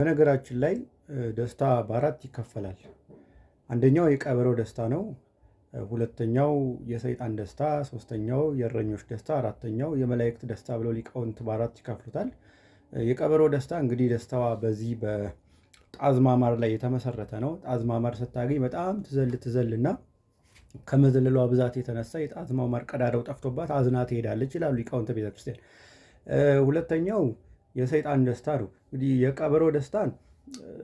በነገራችን ላይ ደስታ በአራት ይከፈላል። አንደኛው የቀበሮ ደስታ ነው። ሁለተኛው የሰይጣን ደስታ፣ ሶስተኛው የእረኞች ደስታ፣ አራተኛው የመላእክት ደስታ ብለው ሊቃውንት በአራት ይከፍሉታል። የቀበሮ ደስታ እንግዲህ ደስታዋ በዚህ በጣዝማማር ላይ የተመሰረተ ነው። ጣዝማማር ስታገኝ በጣም ትዘል ትዘልና ከመዘለሏ ብዛት የተነሳ የጣዝማማር ማር ቀዳዳው ጠፍቶባት አዝና ትሄዳለች ይላሉ ሊቃውንተ ቤተክርስቲያን። ሁለተኛው የሰይጣን ደስታ ነው። እንግዲህ የቀበሮ ደስታን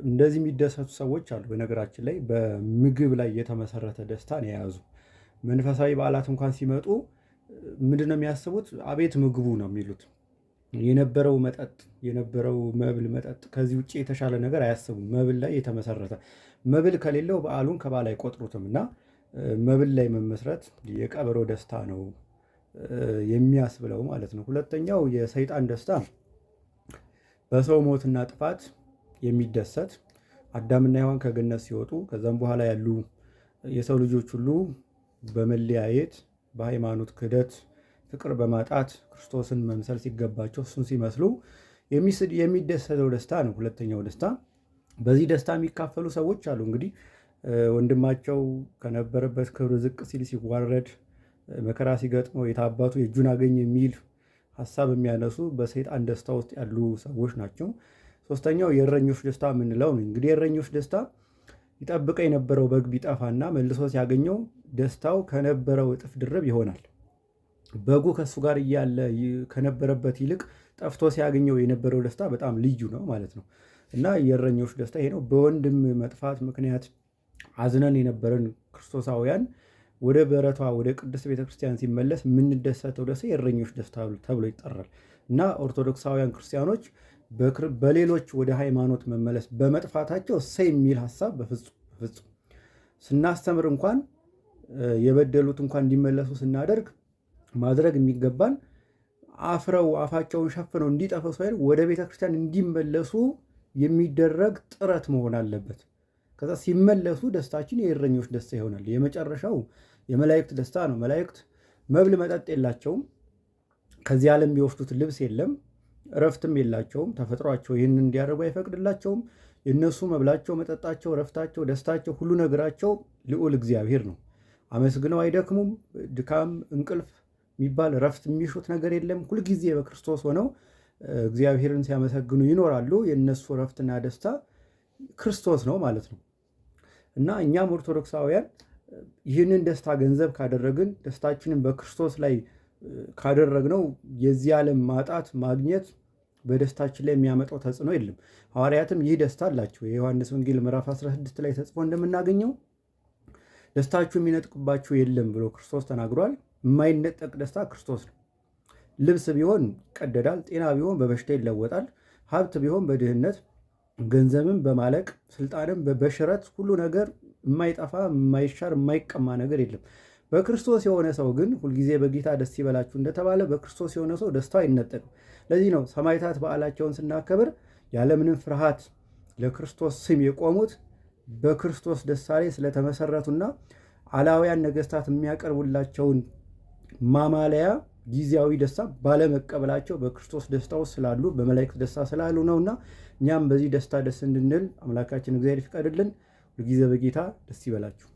እንደዚህ የሚደሰቱ ሰዎች አሉ። በነገራችን ላይ በምግብ ላይ የተመሰረተ ደስታን የያዙ መንፈሳዊ በዓላት እንኳን ሲመጡ ምንድን ነው የሚያስቡት? አቤት ምግቡ ነው የሚሉት። የነበረው መጠጥ የነበረው መብል መጠጥ፣ ከዚህ ውጭ የተሻለ ነገር አያስቡም። መብል ላይ የተመሰረተ መብል ከሌለው በዓሉን ከበዓል አይቆጥሩትም እና መብል ላይ መመስረት የቀበሮ ደስታ ነው የሚያስብለው ማለት ነው። ሁለተኛው የሰይጣን ደስታ በሰው ሞትና ጥፋት የሚደሰት አዳምና ሔዋን ከገነት ሲወጡ ከዛም በኋላ ያሉ የሰው ልጆች ሁሉ በመለያየት በሃይማኖት ክህደት ፍቅር በማጣት ክርስቶስን መምሰል ሲገባቸው እሱን ሲመስሉ የሚደሰተው ደስታ ነው። ሁለተኛው ደስታ በዚህ ደስታ የሚካፈሉ ሰዎች አሉ። እንግዲህ ወንድማቸው ከነበረበት ክብር ዝቅ ሲል ሲዋረድ፣ መከራ ሲገጥመው የታባቱ የእጁን አገኝ የሚል ሀሳብ የሚያነሱ በሰይጣን ደስታ ውስጥ ያሉ ሰዎች ናቸው። ሶስተኛው የእረኞች ደስታ የምንለው ነው። እንግዲህ የእረኞች ደስታ ይጠብቀ የነበረው በግ ቢጠፋና መልሶ ሲያገኘው ደስታው ከነበረው እጥፍ ድርብ ይሆናል። በጉ ከእሱ ጋር እያለ ከነበረበት ይልቅ ጠፍቶ ሲያገኘው የነበረው ደስታ በጣም ልዩ ነው ማለት ነው። እና የእረኞች ደስታ ይሄ ነው። በወንድም መጥፋት ምክንያት አዝነን የነበረን ክርስቶሳውያን ወደ በረቷ ወደ ቅዱስ ቤተክርስቲያን ሲመለስ የምንደሰተው ደስ የእረኞች ደስታ ተብሎ ይጠራል እና ኦርቶዶክሳውያን ክርስቲያኖች በሌሎች ወደ ሃይማኖት መመለስ በመጥፋታቸው እሰ የሚል ሀሳብ በፍጹም ስናስተምር እንኳን የበደሉት እንኳን እንዲመለሱ ስናደርግ ማድረግ የሚገባን አፍረው አፋቸውን ሸፍነው እንዲጠፈሱ ወደ ቤተክርስቲያን እንዲመለሱ የሚደረግ ጥረት መሆን አለበት። ከዛ ሲመለሱ ደስታችን የእረኞች ደስታ ይሆናል። የመጨረሻው የመላእክት ደስታ ነው። መላእክት መብል መጠጥ የላቸውም። ከዚህ ዓለም የሚወስዱት ልብስ የለም። እረፍትም የላቸውም። ተፈጥሯቸው ይህንን እንዲያደርጉ አይፈቅድላቸውም። የእነሱ መብላቸው፣ መጠጣቸው፣ እረፍታቸው፣ ደስታቸው፣ ሁሉ ነገራቸው ልዑል እግዚአብሔር ነው። አመስግነው አይደክሙም። ድካም፣ እንቅልፍ የሚባል እረፍት የሚሹት ነገር የለም። ሁልጊዜ በክርስቶስ ሆነው እግዚአብሔርን ሲያመሰግኑ ይኖራሉ። የእነሱ እረፍትና ደስታ ክርስቶስ ነው ማለት ነው። እና እኛም ኦርቶዶክሳውያን ይህንን ደስታ ገንዘብ ካደረግን ደስታችንን በክርስቶስ ላይ ካደረግነው የዚህ ዓለም ማጣት ማግኘት በደስታችን ላይ የሚያመጣው ተጽዕኖ የለም። ሐዋርያትም ይህ ደስታ አላቸው። የዮሐንስ ወንጌል ምዕራፍ 16 ላይ ተጽፎ እንደምናገኘው ደስታችሁ የሚነጥቅባችሁ የለም ብሎ ክርስቶስ ተናግሯል። የማይነጠቅ ደስታ ክርስቶስ ነው። ልብስ ቢሆን ይቀደዳል፣ ጤና ቢሆን በበሽታ ይለወጣል፣ ሀብት ቢሆን በድህነት ገንዘብን በማለቅ ስልጣንን በሽረት ሁሉ ነገር የማይጠፋ የማይሻር የማይቀማ ነገር የለም። በክርስቶስ የሆነ ሰው ግን ሁልጊዜ በጌታ ደስ ይበላችሁ እንደተባለ በክርስቶስ የሆነ ሰው ደስታው አይነጠቅም። ለዚህ ነው ሰማዕታት በዓላቸውን ስናከብር ያለምንም ፍርሃት ለክርስቶስ ስም የቆሙት በክርስቶስ ደስታ ላይ ስለተመሰረቱና አላውያን ነገስታት የሚያቀርቡላቸውን ማማለያ ጊዜያዊ ደስታ ባለመቀበላቸው በክርስቶስ ደስታ ውስጥ ስላሉ በመላእክት ደስታ ስላሉ እና እኛም በዚህ ደስታ ደስ እንድንል አምላካችን እግዚአብሔር ይፍቀድልን። ሁልጊዜ በጌታ ደስ ይበላችሁ።